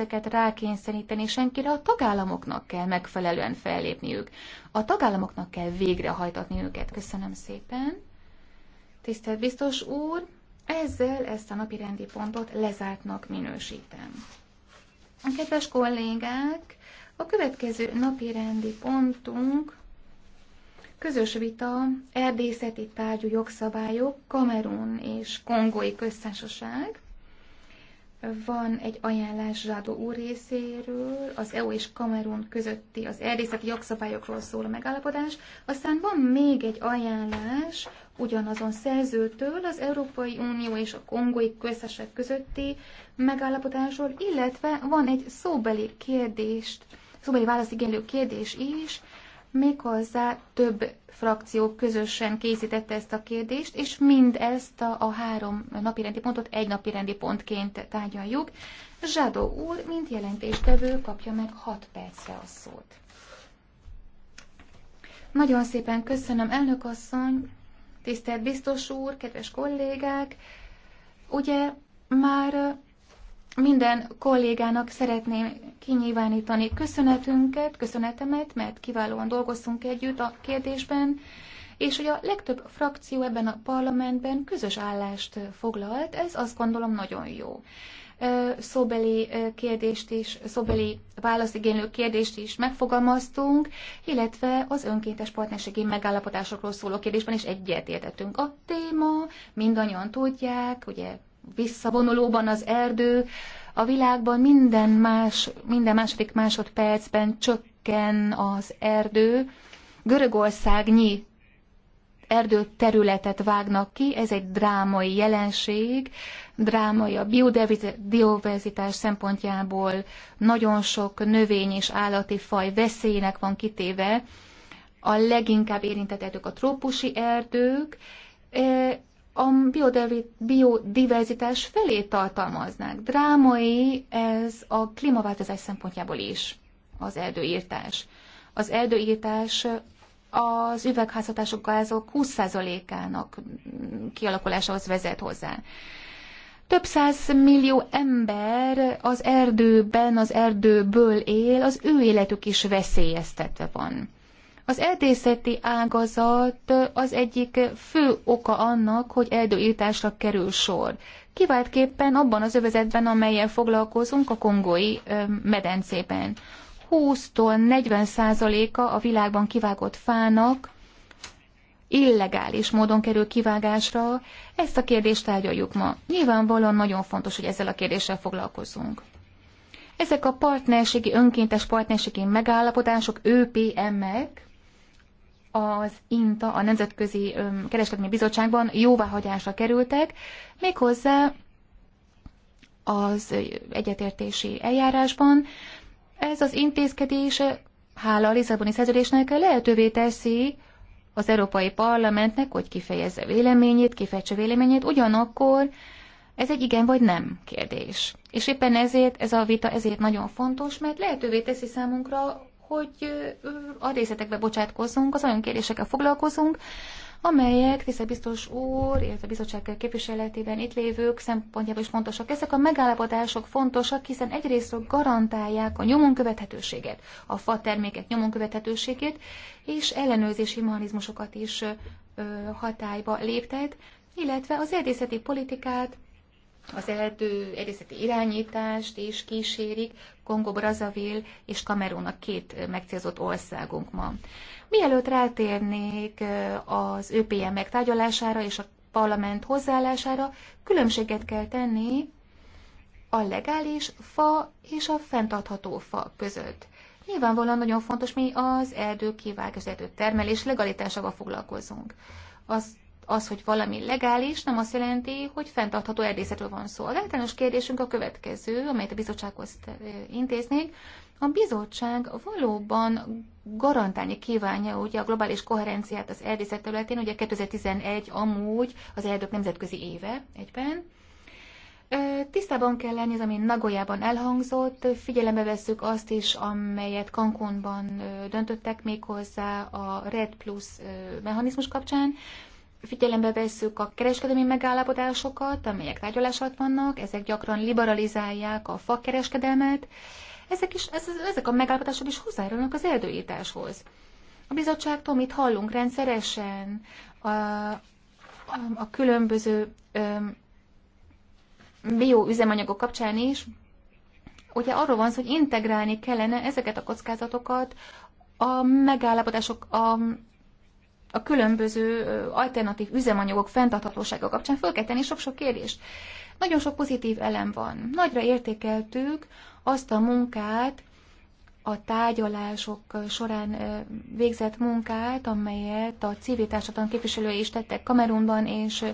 ezeket rákényszeríteni senkire, a tagállamoknak kell megfelelően fellépniük. A tagállamoknak kell végrehajtatni őket. Köszönöm szépen. Tisztelt biztos úr, ezzel ezt a napi rendi pontot lezártnak minősítem. A kedves kollégák, a következő napi rendi pontunk közös vita erdészeti tárgyú jogszabályok Kamerun és Kongói Köztársaság. Van egy ajánlás Zsádó úr részéről, az EU és Kamerun közötti az erdészeti jogszabályokról szóló megállapodás. Aztán van még egy ajánlás ugyanazon szerzőtől az Európai Unió és a kongói köztesek közötti megállapodásról, illetve van egy szóbeli kérdést, szóbeli válaszigénylő kérdés is, Méghozzá több frakció közösen készítette ezt a kérdést, és mind ezt a, a három napirendi pontot egy napirendi pontként tárgyaljuk. Zsadó úr, mint jelentéstevő, kapja meg 6 percre a szót. Nagyon szépen köszönöm, elnök asszony, tisztelt biztos úr, kedves kollégák. Ugye már minden kollégának szeretném kinyilvánítani köszönetünket, köszönetemet, mert kiválóan dolgoztunk együtt a kérdésben, és hogy a legtöbb frakció ebben a parlamentben közös állást foglalt, ez azt gondolom nagyon jó. Szobeli kérdést is, szobeli válaszigénylő kérdést is megfogalmaztunk, illetve az önkéntes partnerségi megállapodásokról szóló kérdésben is egyetértettünk. A téma, mindannyian tudják, ugye visszavonulóban az erdő, a világban minden, más, minden második másodpercben csökken az erdő. Görögországnyi területet vágnak ki, ez egy drámai jelenség, drámai a biodiverzitás szempontjából nagyon sok növény és állati faj veszélynek van kitéve. A leginkább érintett erdők a trópusi erdők, e, a biodiverzitás felé tartalmaznak. Drámai ez a klímaváltozás szempontjából is, az erdőírtás. Az erdőírtás az üvegházhatások gázok 20%-ának kialakulásához vezet hozzá. Több száz millió ember az erdőben, az erdőből él, az ő életük is veszélyeztetve van. Az erdészeti ágazat az egyik fő oka annak, hogy erdőírtásra kerül sor. Kiváltképpen abban az övezetben, amelyen foglalkozunk, a kongói medencében. 20-tól 40 százaléka a világban kivágott fának illegális módon kerül kivágásra. Ezt a kérdést tárgyaljuk ma. Nyilvánvalóan nagyon fontos, hogy ezzel a kérdéssel foglalkozunk. Ezek a partnerségi, önkéntes partnerségi megállapodások, ÖPM-ek, az INTA, a Nemzetközi Kereskedelmi Bizottságban jóváhagyásra kerültek, méghozzá az egyetértési eljárásban. Ez az intézkedés, hála a Lisszaboni szerződésnek, lehetővé teszi az Európai Parlamentnek, hogy kifejezze véleményét, kifejtse véleményét, ugyanakkor ez egy igen vagy nem kérdés. És éppen ezért ez a vita ezért nagyon fontos, mert lehetővé teszi számunkra hogy a részletekbe bocsátkozzunk, az olyan kérdésekkel foglalkozunk, amelyek tisztelt biztos úr, illetve a bizottság képviseletében itt lévők szempontjából is fontosak. Ezek a megállapodások fontosak, hiszen egyrészt garantálják a nyomon követhetőséget, a fa termékek nyomon követhetőségét, és ellenőrzési mechanizmusokat is hatályba léptet, illetve az erdészeti politikát az erdő erészeti irányítást is kísérik, Kongo, Brazavil és Kamerun a két megcélzott országunk ma. Mielőtt rátérnék az ÖPM megtárgyalására és a parlament hozzáállására, különbséget kell tenni a legális fa és a fenntartható fa között. Nyilvánvalóan nagyon fontos, mi az erdő kivágás, erdő termelés legalitásával foglalkozunk. Azt az, hogy valami legális, nem azt jelenti, hogy fenntartható erdészetről van szó. Az általános kérdésünk a következő, amelyet a bizottsághoz eh, intéznék. A bizottság valóban garantálni kívánja ugye a globális koherenciát az erdészet területén, ugye 2011 amúgy az erdők nemzetközi éve egyben, eh, Tisztában kell lenni az, ami Nagoyában elhangzott, figyelembe vesszük azt is, amelyet Cancúnban eh, döntöttek méghozzá a Red Plus mechanizmus kapcsán figyelembe vesszük a kereskedelmi megállapodásokat, amelyek tárgyalás alatt vannak, ezek gyakran liberalizálják a fakereskedelmet, ezek, is, ezek a megállapodások is hozzájárulnak az erdőításhoz. A bizottságtól mit hallunk rendszeresen a, a, a különböző bioüzemanyagok kapcsán is, ugye arról van szó, hogy integrálni kellene ezeket a kockázatokat a megállapodások, a a különböző alternatív üzemanyagok fenntarthatósága kapcsán föl kell tenni sok-sok kérdést. Nagyon sok pozitív elem van. Nagyra értékeltük azt a munkát, a tárgyalások során végzett munkát, amelyet a civil társadalom képviselői is tettek Kamerunban és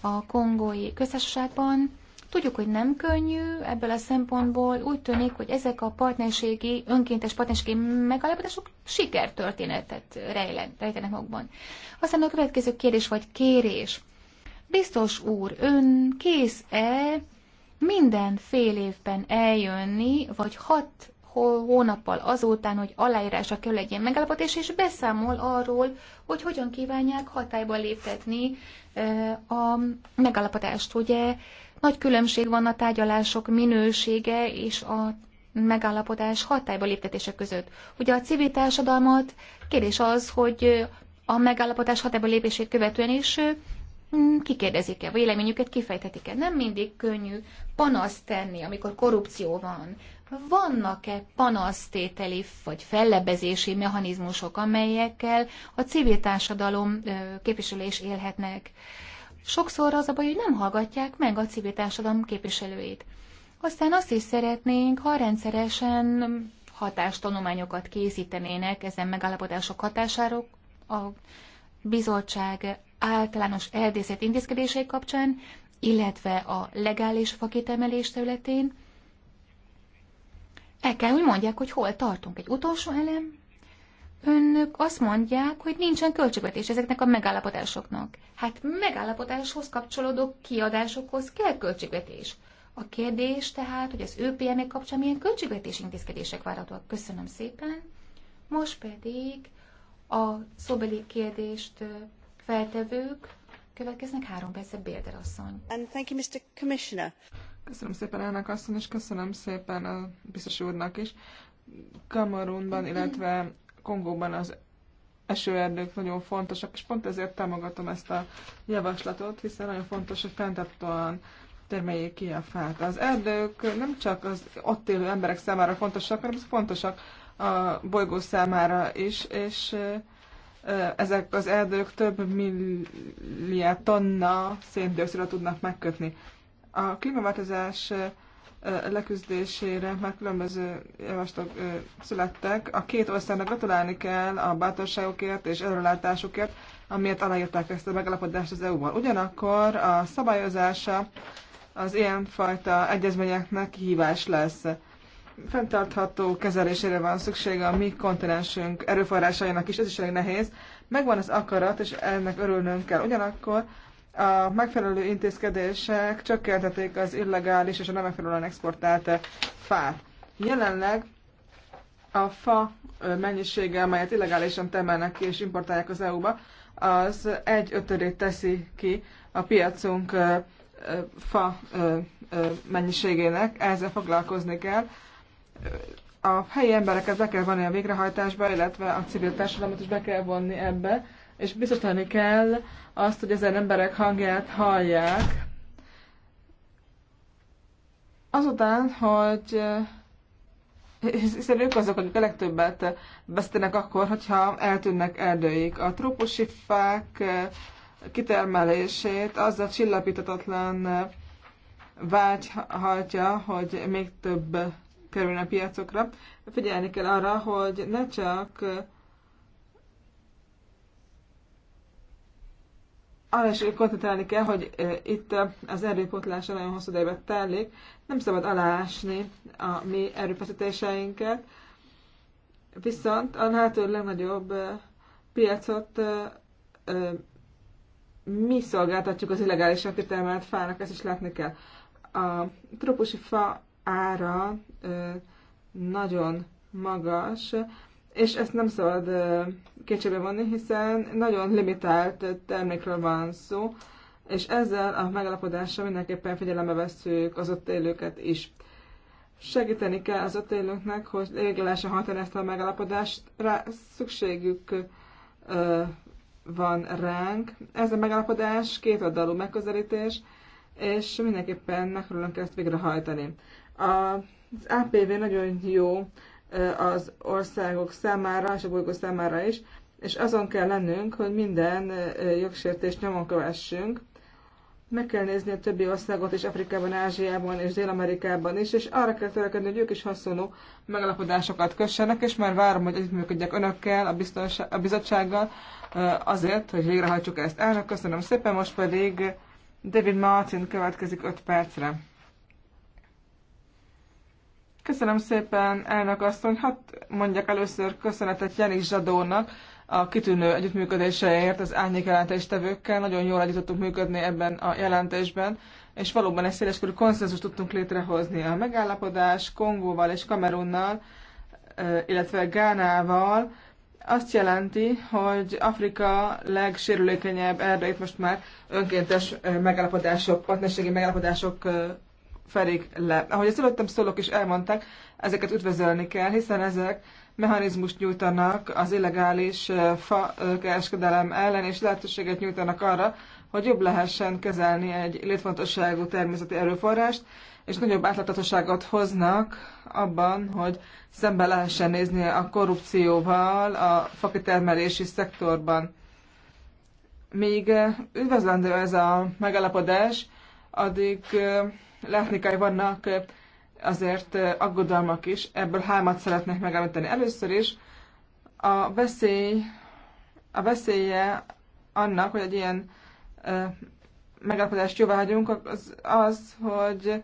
a kongói köztársaságban. Tudjuk, hogy nem könnyű, ebből a szempontból úgy tűnik, hogy ezek a partnerségi, önkéntes partnerségi megállapodások sikertörténetet rejtenek magukban. Aztán a következő kérdés vagy kérés. Biztos úr, ön kész-e minden fél évben eljönni, vagy hat hónappal azután, hogy aláírásra kell legyen megállapodás, és beszámol arról, hogy hogyan kívánják hatályba léptetni a megállapodást. Ugye nagy különbség van a tárgyalások minősége és a megállapodás hatályba léptetése között. Ugye a civil társadalmat kérdés az, hogy a megállapodás hatályba lépését követően is mm, kikérdezik-e, véleményüket kifejthetik-e. Nem mindig könnyű panaszt tenni, amikor korrupció van. Vannak-e panasztételi vagy fellebezési mechanizmusok, amelyekkel a civil társadalom képviselés élhetnek? sokszor az a baj, hogy nem hallgatják meg a civil társadalom képviselőit. Aztán azt is szeretnénk, ha rendszeresen hatástanulmányokat készítenének ezen megállapodások hatásáról a bizottság általános erdészet intézkedései kapcsán, illetve a legális fakitemelés területén. El kell, hogy mondják, hogy hol tartunk. Egy utolsó elem, önök azt mondják, hogy nincsen költségvetés ezeknek a megállapodásoknak. Hát megállapodáshoz kapcsolódó kiadásokhoz kell költségvetés. A kérdés tehát, hogy az ÖPM -e kapcsán milyen költségvetési intézkedések várhatóak. Köszönöm szépen. Most pedig a szobeli kérdést feltevők következnek három percet Bérder asszony. And thank you, Mr. Commissioner. Köszönöm szépen elnök asszony, és köszönöm szépen a biztos úrnak is. Kamerunban, mm-hmm. illetve Kongóban az esőerdők nagyon fontosak, és pont ezért támogatom ezt a javaslatot, hiszen nagyon fontos, hogy fenntartóan termeljék ki a fát. Az erdők nem csak az ott élő emberek számára fontosak, hanem fontosak a bolygó számára is, és ezek az erdők több milliárd tonna széndiokszidot tudnak megkötni. A klímaváltozás leküzdésére már különböző javaslatok születtek. A két országnak gratulálni kell a bátorságokért és előrelátásukért, amiért aláírták ezt a megalapodást az EU-val. Ugyanakkor a szabályozása az ilyenfajta egyezményeknek hívás lesz. Fenntartható kezelésére van szüksége a mi kontinensünk erőforrásainak is, ez is elég nehéz. Megvan az akarat, és ennek örülnünk kell. Ugyanakkor a megfelelő intézkedések csökkentették az illegális és a nem megfelelően exportált fát. Jelenleg a fa mennyisége, amelyet illegálisan termelnek ki és importálják az EU-ba, az egy ötödét teszi ki a piacunk fa mennyiségének, ezzel foglalkozni kell. A helyi embereket be kell vonni a végrehajtásba, illetve a civil társadalmat is be kell vonni ebbe és biztosítani kell azt, hogy ezen emberek hangját hallják. Azután, hogy eh, hiszen ők azok, akik a legtöbbet vesztenek akkor, hogyha eltűnnek erdőik. A trópusi fák eh, kitermelését az a csillapítatatlan eh, vágy hajtja, hogy még több kerülne a piacokra. Figyelni kell arra, hogy ne csak arra is koncentrálni kell, hogy itt az erőpotlása nagyon hosszú idejében telik, nem szabad aláásni a mi erőfeszítéseinket, viszont a lehető legnagyobb piacot mi szolgáltatjuk az illegálisan kitermelt fának, ezt is látni kell. A trópusi fa ára nagyon magas, és ezt nem szabad kétségbe vonni, hiszen nagyon limitált termékről van szó, és ezzel a megalapodásra mindenképpen figyelembe vesszük az ott élőket is. Segíteni kell az ott élőknek, hogy légelesen hatani ezt a megalapodást, rá szükségük ö, van ránk. Ez a megalapodás két oldalú megközelítés, és mindenképpen megpróbálunk ezt végrehajtani. Az APV nagyon jó az országok számára, és a bolygó számára is, és azon kell lennünk, hogy minden jogsértést nyomon kövessünk. Meg kell nézni a többi országot is, Afrikában, Ázsiában és Dél-Amerikában is, és arra kell törekedni, hogy ők is hasonló megalapodásokat kössenek, és már várom, hogy együttműködjek önökkel, a, a bizottsággal, azért, hogy végrehajtsuk ezt. Elnök, köszönöm szépen, most pedig David Martin következik 5 percre. Köszönöm szépen, elnök asszony. Hadd mondjak először köszönetet Jenik Zsadónak a kitűnő együttműködéseért az árnyék jelentéstevőkkel. Nagyon jól együtt tudtunk működni ebben a jelentésben, és valóban egy széleskörű konszenzus tudtunk létrehozni. A megállapodás Kongóval és Kamerunnal, illetve Gánával azt jelenti, hogy Afrika legsérülékenyebb erdeit most már önkéntes megállapodások, partnerségi megállapodások fedik le. Ahogy az előttem szólok is elmondták, ezeket üdvözölni kell, hiszen ezek mechanizmust nyújtanak az illegális fa kereskedelem ellen, és lehetőséget nyújtanak arra, hogy jobb lehessen kezelni egy létfontosságú természeti erőforrást, és nagyobb átláthatóságot hoznak abban, hogy szembe lehessen nézni a korrupcióval a fakitermelési szektorban. Még üdvözlendő ez a megállapodás, addig látni kell, vannak azért aggodalmak is. Ebből hármat szeretnék megállítani. Először is a veszély, a veszélye annak, hogy egy ilyen megállapodást jóvá hagyunk, az, az, hogy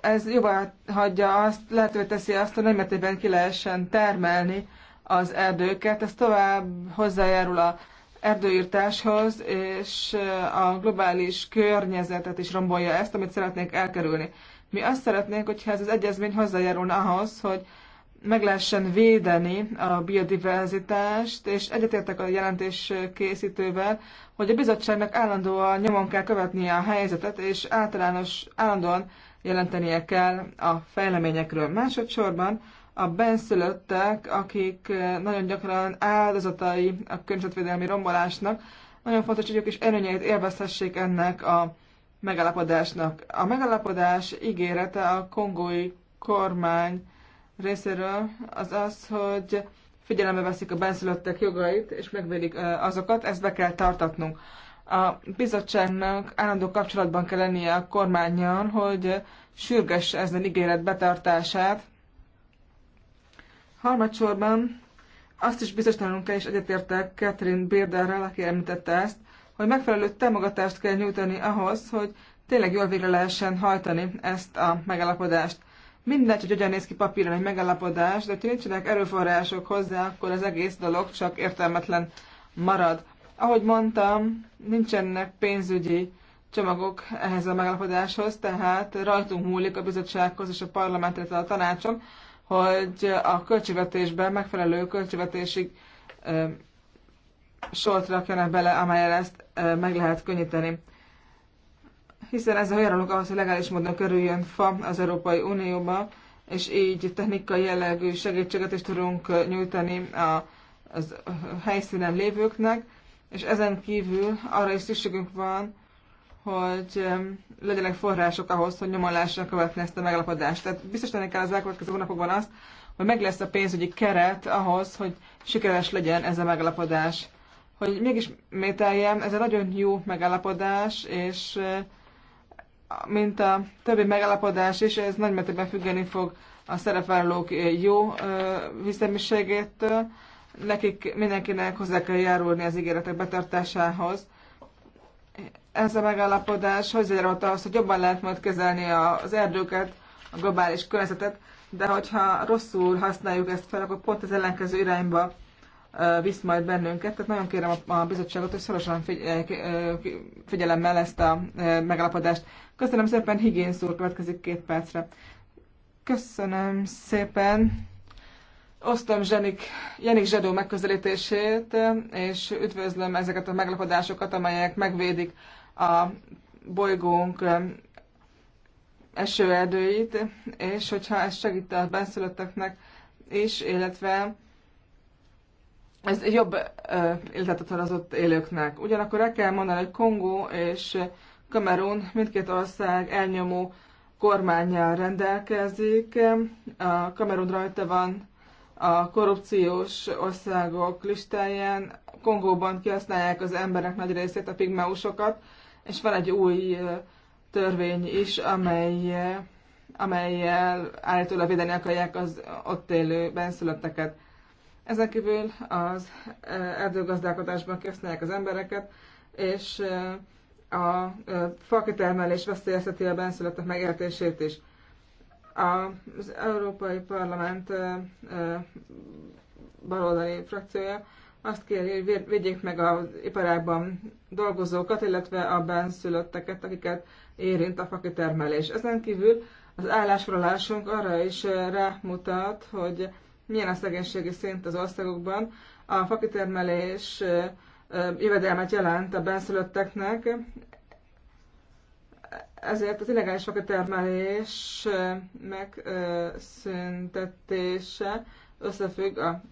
ez jóvá hagyja azt, lehetővé teszi azt, hogy nagymértékben ki lehessen termelni az erdőket. Ez tovább hozzájárul a erdőírtáshoz, és a globális környezetet is rombolja ezt, amit szeretnénk elkerülni. Mi azt szeretnénk, hogyha ez az egyezmény hozzájárulna ahhoz, hogy meg lehessen védeni a biodiverzitást, és egyetértek a jelentés készítővel, hogy a bizottságnak állandóan nyomon kell követnie a helyzetet, és általános állandóan jelentenie kell a fejleményekről. Másodszorban a benszülöttek, akik eh, nagyon gyakran áldozatai a környezetvédelmi rombolásnak, nagyon fontos, hogy ők is erőnyeit élvezhessék ennek a megalapodásnak. A megalapodás ígérete a kongói kormány részéről az az, hogy figyelembe veszik a benszülöttek jogait, és megvédik eh, azokat, ezt be kell tartatnunk. A bizottságnak állandó kapcsolatban kell lennie a kormányjal, hogy sürgesse ezen ígéret betartását, Harmadsorban azt is biztosítanunk kell, és egyetértek Catherine Bérderrel, aki említette ezt, hogy megfelelő támogatást kell nyújtani ahhoz, hogy tényleg jól végre lehessen hajtani ezt a megállapodást. Mindegy, hogy hogyan néz ki papíron egy megállapodás, de ha nincsenek erőforrások hozzá, akkor az egész dolog csak értelmetlen marad. Ahogy mondtam, nincsenek pénzügyi csomagok ehhez a megállapodáshoz, tehát rajtunk múlik a bizottsághoz és a parlamentre a tanácsom hogy a költségvetésben megfelelő költségvetési sort rakjanak bele, amelyel ezt meg lehet könnyíteni. Hiszen ez hajralunk ahhoz, hogy legális módon kerüljön fa az Európai Unióba, és így technikai jellegű segítséget is tudunk nyújtani a, az helyszínen lévőknek, és ezen kívül arra is szükségünk van, hogy legyenek források ahhoz, hogy nyomon lássanak követni ezt a megalapodást. Tehát biztosítani kell az elkövetkező hónapokban azt, hogy meg lesz a pénzügyi keret ahhoz, hogy sikeres legyen ez a megalapodás. Hogy mégis mételjem, ez egy nagyon jó megalapodás, és eh, mint a többi megalapodás is, ez nagy mértékben függeni fog a szerepvállalók eh, jó viszemiségétől. Eh, Nekik mindenkinek hozzá kell járulni az ígéretek betartásához, ez a megállapodás hozzájárulta ahhoz, hogy jobban lehet majd kezelni az erdőket, a globális környezetet, de hogyha rosszul használjuk ezt fel, akkor pont az ellenkező irányba visz majd bennünket. Tehát nagyon kérem a bizottságot, hogy szorosan figyelemmel ezt a megállapodást. Köszönöm szépen, Higgins úr következik két percre. Köszönöm szépen. Osztom Zsenik, Jenik Zsedó megközelítését, és üdvözlöm ezeket a meglapodásokat, amelyek megvédik a bolygónk um, esőerdőit, és hogyha ez segít a benszülötteknek is, illetve ez jobb életet ad az ott élőknek. Ugyanakkor el kell mondani, hogy Kongó és Kamerun mindkét ország elnyomó kormányjal rendelkezik. A Kamerun rajta van a korrupciós országok listáján. Kongóban kihasználják az emberek nagy részét, a pigmeusokat, és van egy új törvény is, amely, amelyel állítólag védeni akarják az ott élő benszülötteket. Ezen kívül az erdőgazdálkodásban kihasználják az embereket, és a fakitermelés veszélyezteti a benszülöttek megértését is az Európai Parlament baloldali frakciója azt kéri, hogy védjék meg az iparágban dolgozókat, illetve a benszülötteket, akiket érint a fakitermelés. Ezen kívül az állásfoglalásunk arra is rámutat, hogy milyen a szegénységi szint az országokban. A fakitermelés jövedelmet jelent a benszülötteknek, ezért az illegális termelés megszüntetése összefügg a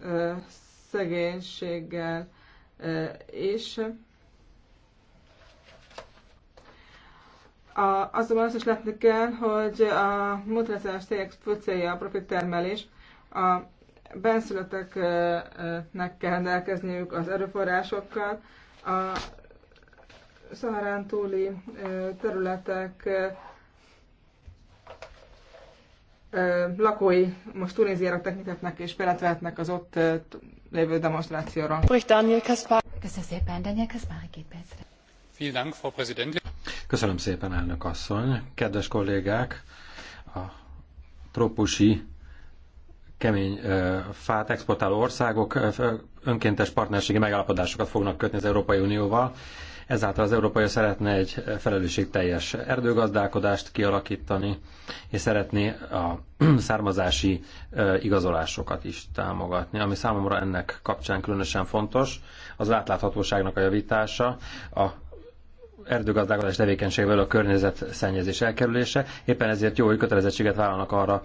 szegénységgel is. A, azonban azt is látni kell, hogy a multinacionális cégek fő célja a profittermelés. A benszülötteknek kell rendelkezniük az erőforrásokkal, a Szaharán túli területek lakói most Tunéziára tekintetnek és beletvehetnek az ott lévő demonstrációra. Köszönöm szépen, Daniel Kaspar, két percre. Köszönöm szépen, elnök asszony. Kedves kollégák, a trópusi kemény fát exportáló országok önkéntes partnerségi megállapodásokat fognak kötni az Európai Unióval Ezáltal az európai szeretne egy felelősségteljes erdőgazdálkodást kialakítani, és szeretné a származási igazolásokat is támogatni. Ami számomra ennek kapcsán különösen fontos, az átláthatóságnak a javítása, a erdőgazdálkodás tevékenységvel a környezet szennyezés elkerülése. Éppen ezért jó, hogy kötelezettséget vállalnak arra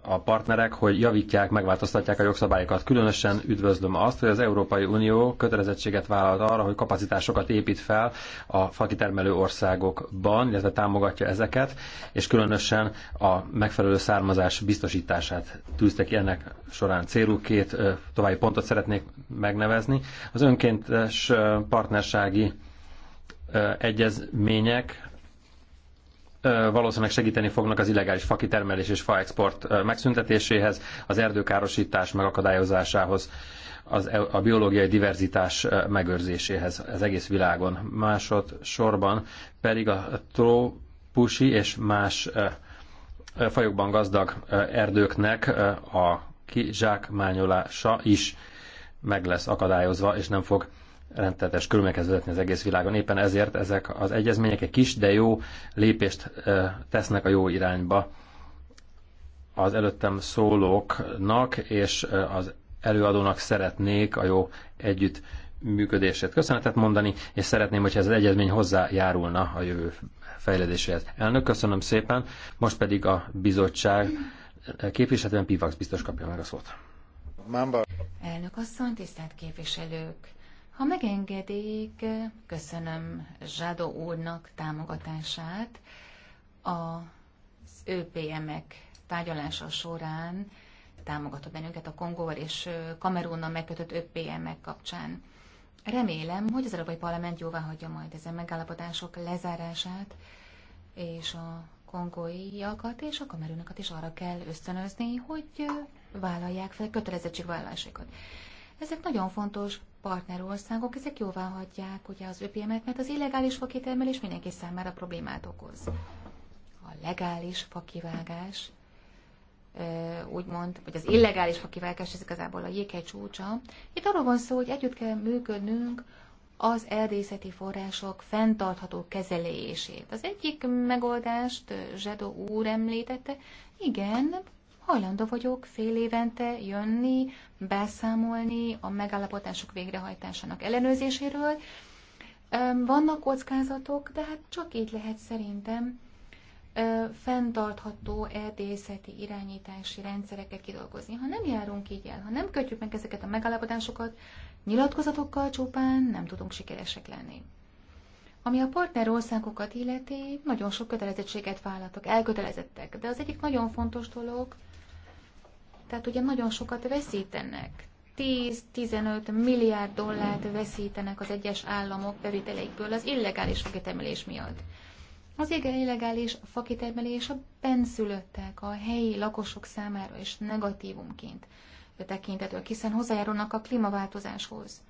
a partnerek, hogy javítják, megváltoztatják a jogszabályokat. Különösen üdvözlöm azt, hogy az Európai Unió kötelezettséget vállalt arra, hogy kapacitásokat épít fel a fakitermelő országokban, illetve támogatja ezeket, és különösen a megfelelő származás biztosítását tűzte ki ennek során célú. Két további pontot szeretnék megnevezni. Az önkéntes partnerségi egyezmények valószínűleg segíteni fognak az illegális fakitermelés és faexport megszüntetéséhez, az erdőkárosítás megakadályozásához, az, e, a biológiai diverzitás megőrzéséhez az egész világon. Másodszorban pedig a trópusi és más fajokban gazdag erdőknek a kizsákmányolása is meg lesz akadályozva, és nem fog rendeletes körülményekhez vezetni az egész világon. Éppen ezért ezek az egyezmények egy kis, de jó lépést tesznek a jó irányba az előttem szólóknak és az előadónak szeretnék a jó együtt működését köszönetet mondani, és szeretném, hogyha ez az egyezmény hozzájárulna a jövő fejlődéséhez. Elnök, köszönöm szépen, most pedig a bizottság képviselően Pivax biztos kapja meg a szót. Elnök asszony, tisztelt képviselők! Ha megengedik, köszönöm Zsádó úrnak támogatását az ÖPM-ek tárgyalása során támogatott bennünket a Kongóval és Kamerunnal megkötött ÖPM-ek kapcsán. Remélem, hogy az Európai Parlament jóvá hagyja majd ezen megállapodások lezárását, és a kongóiakat és a kamerúnakat is arra kell ösztönözni, hogy vállalják fel kötelezettségvállalásokat. Ezek nagyon fontos partnerországok, ezek jóvá hagyják ugye az öpémet, mert az illegális fakitermelés mindenki számára problémát okoz. A legális fakivágás, úgymond, vagy az illegális fakivágás, ez igazából a jéghegy csúcsa. Itt arról van szó, hogy együtt kell működnünk az erdészeti források fenntartható kezelését. Az egyik megoldást Zsedó úr említette, igen, hajlandó vagyok fél évente jönni, beszámolni a megállapotások végrehajtásának ellenőrzéséről. Vannak kockázatok, de hát csak így lehet szerintem fenntartható erdészeti irányítási rendszereket kidolgozni. Ha nem járunk így el, ha nem kötjük meg ezeket a megállapodásokat, nyilatkozatokkal csupán nem tudunk sikeresek lenni. Ami a partner országokat illeti, nagyon sok kötelezettséget vállaltak, elkötelezettek. De az egyik nagyon fontos dolog, tehát ugye nagyon sokat veszítenek. 10-15 milliárd dollárt veszítenek az egyes államok bevételeikből az illegális fakitermelés miatt. Az illegális fakitermelés a benszülöttek, a helyi lakosok számára is negatívumként tekintető, hiszen hozzájárulnak a klímaváltozáshoz.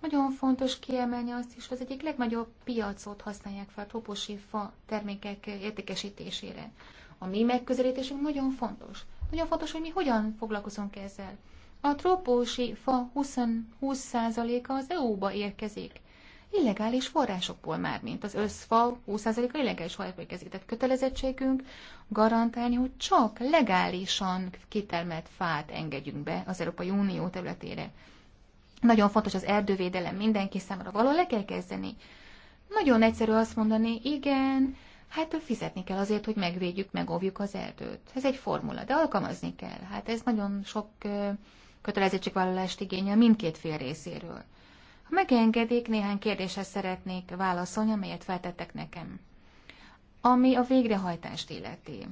Nagyon fontos kiemelni azt is, hogy az egyik legnagyobb piacot használják fel toposi fa termékek értékesítésére. A mi megközelítésünk nagyon fontos. Nagyon fontos, hogy mi hogyan foglalkozunk ezzel. A trópusi fa 20%-a az EU-ba érkezik. Illegális forrásokból már, mint az összfa 20%-a illegális forrásból érkezik. Tehát kötelezettségünk garantálni, hogy csak legálisan kitermelt fát engedjünk be az Európai Unió területére. Nagyon fontos az erdővédelem mindenki számára, Való le kell kezdeni. Nagyon egyszerű azt mondani, igen, hát fizetni kell azért, hogy megvédjük, megóvjuk az erdőt. Ez egy formula, de alkalmazni kell. Hát ez nagyon sok kötelezettségvállalást igényel mindkét fél részéről. Ha megengedik, néhány kérdéshez szeretnék válaszolni, amelyet feltettek nekem. Ami a végrehajtást illeti.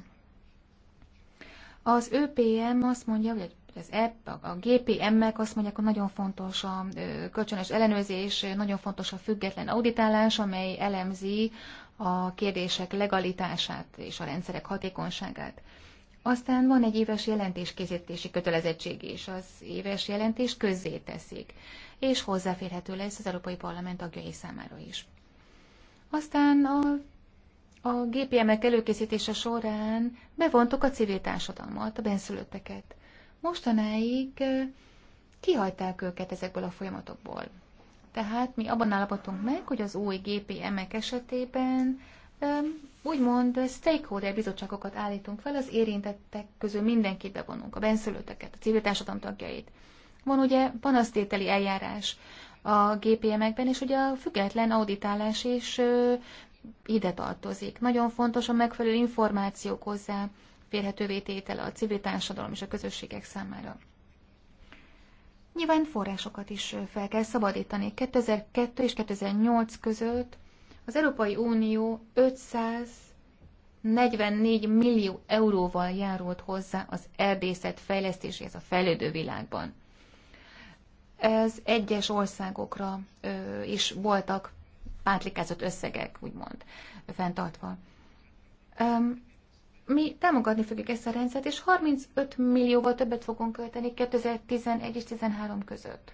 Az ÖPM azt mondja, hogy az app, e a GPM-ek azt mondják, hogy nagyon fontos a kölcsönös ellenőrzés, nagyon fontos a független auditálás, amely elemzi a kérdések legalitását és a rendszerek hatékonyságát. Aztán van egy éves jelentéskészítési kötelezettség is, az éves jelentés közzé teszik, és hozzáférhető lesz az Európai Parlament tagjai számára is. Aztán a a GPM-ek előkészítése során bevontuk a civil társadalmat, a benszülötteket mostanáig kihagyták őket ezekből a folyamatokból. Tehát mi abban állapotunk meg, hogy az új GPM-ek esetében úgymond stakeholder bizottságokat állítunk fel, az érintettek közül mindenkit bevonunk, a benszülőteket, a civil társadalom tagjait. Van ugye panasztételi eljárás a GPM-ekben, és ugye a független auditálás is ide tartozik. Nagyon fontos a megfelelő információk hozzá férhetővé tétele a civil társadalom és a közösségek számára. Nyilván forrásokat is fel kell szabadítani. 2002 és 2008 között az Európai Unió 544 millió euróval járult hozzá az erdészet fejlesztéséhez a fejlődő világban. Ez egyes országokra ö, is voltak pátlikázott összegek, úgymond, fenntartva. Um, mi támogatni fogjuk ezt a rendszert, és 35 millióval többet fogunk költeni 2011 és 2013 között.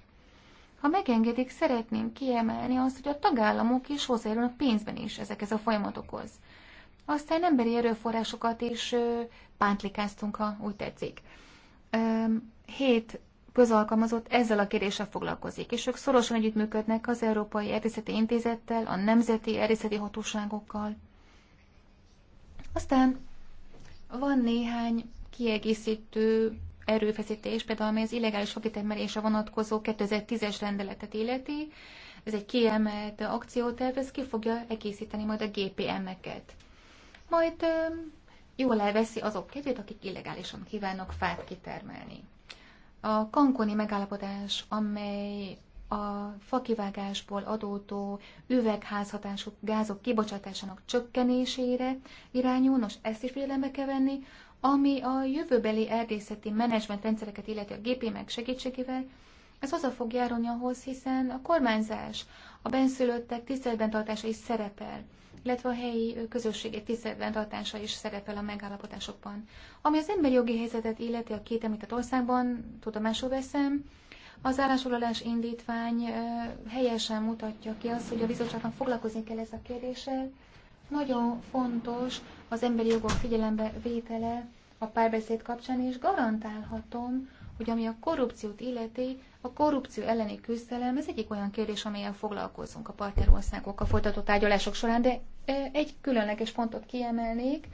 Ha megengedik, szeretném kiemelni azt, hogy a tagállamok is hozzájárulnak pénzben is ezekhez a folyamatokhoz. Aztán emberi erőforrásokat is pántlikáztunk, ha úgy tetszik. Hét közalkalmazott ezzel a kérdéssel foglalkozik, és ők szorosan együttműködnek az Európai Erdészeti Intézettel, a Nemzeti Erdészeti Hatóságokkal. Aztán van néhány kiegészítő erőfeszítés, például ami az illegális fakitermelésre vonatkozó 2010-es rendeletet illeti. Ez egy kiemelt akcióterv, ez ki fogja egészíteni majd a GPM-eket. Majd jól elveszi azok kedvét, akik illegálisan kívánnak fát kitermelni. A kankoni megállapodás, amely a fakivágásból adódó üvegházhatású gázok kibocsátásának csökkenésére irányul, nos ezt is figyelembe kell venni, ami a jövőbeli erdészeti rendszereket, illeti a gépémek segítségével, ez hozzá fog járulni ahhoz, hiszen a kormányzás, a benszülöttek tiszteletben tartása is szerepel, illetve a helyi közösségi tiszteletben tartása is szerepel a megállapodásokban. Ami az emberi jogi helyzetet illeti a két említett országban, tudomásul veszem, az állásolás indítvány helyesen mutatja ki azt, hogy a bizottságnak foglalkozni kell ez a kérdéssel. Nagyon fontos az emberi jogok figyelembe vétele a párbeszéd kapcsán, és garantálhatom, hogy ami a korrupciót illeti, a korrupció elleni küzdelem, ez egyik olyan kérdés, amelyen foglalkozunk a partnerországokkal folytatott tárgyalások során, de egy különleges pontot kiemelnék,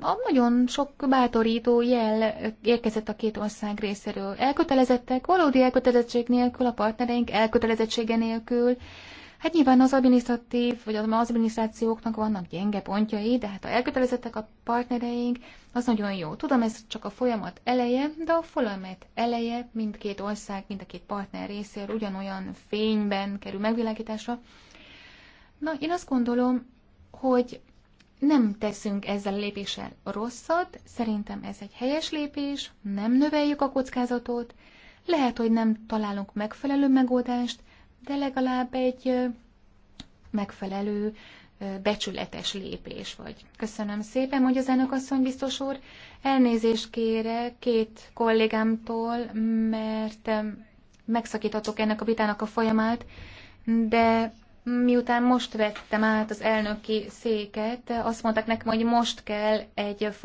a nagyon sok bátorító jel érkezett a két ország részéről. Elkötelezettek, valódi elkötelezettség nélkül, a partnereink elkötelezettsége nélkül. Hát nyilván az adminisztratív, vagy az adminisztrációknak vannak gyenge pontjai, de hát ha elkötelezettek a partnereink, az nagyon jó. Tudom, ez csak a folyamat eleje, de a folyamat eleje mindkét ország, mind a két partner részéről ugyanolyan fényben kerül megvilágításra. Na, én azt gondolom, hogy nem teszünk ezzel a lépéssel rosszat, szerintem ez egy helyes lépés, nem növeljük a kockázatot, lehet, hogy nem találunk megfelelő megoldást, de legalább egy megfelelő, becsületes lépés vagy. Köszönöm szépen, hogy az elnök asszony biztos úr. Elnézést kére két kollégámtól, mert megszakítatok ennek a vitának a folyamát, de Miután most vettem át az elnöki széket, azt mondták nekem, hogy most kell egy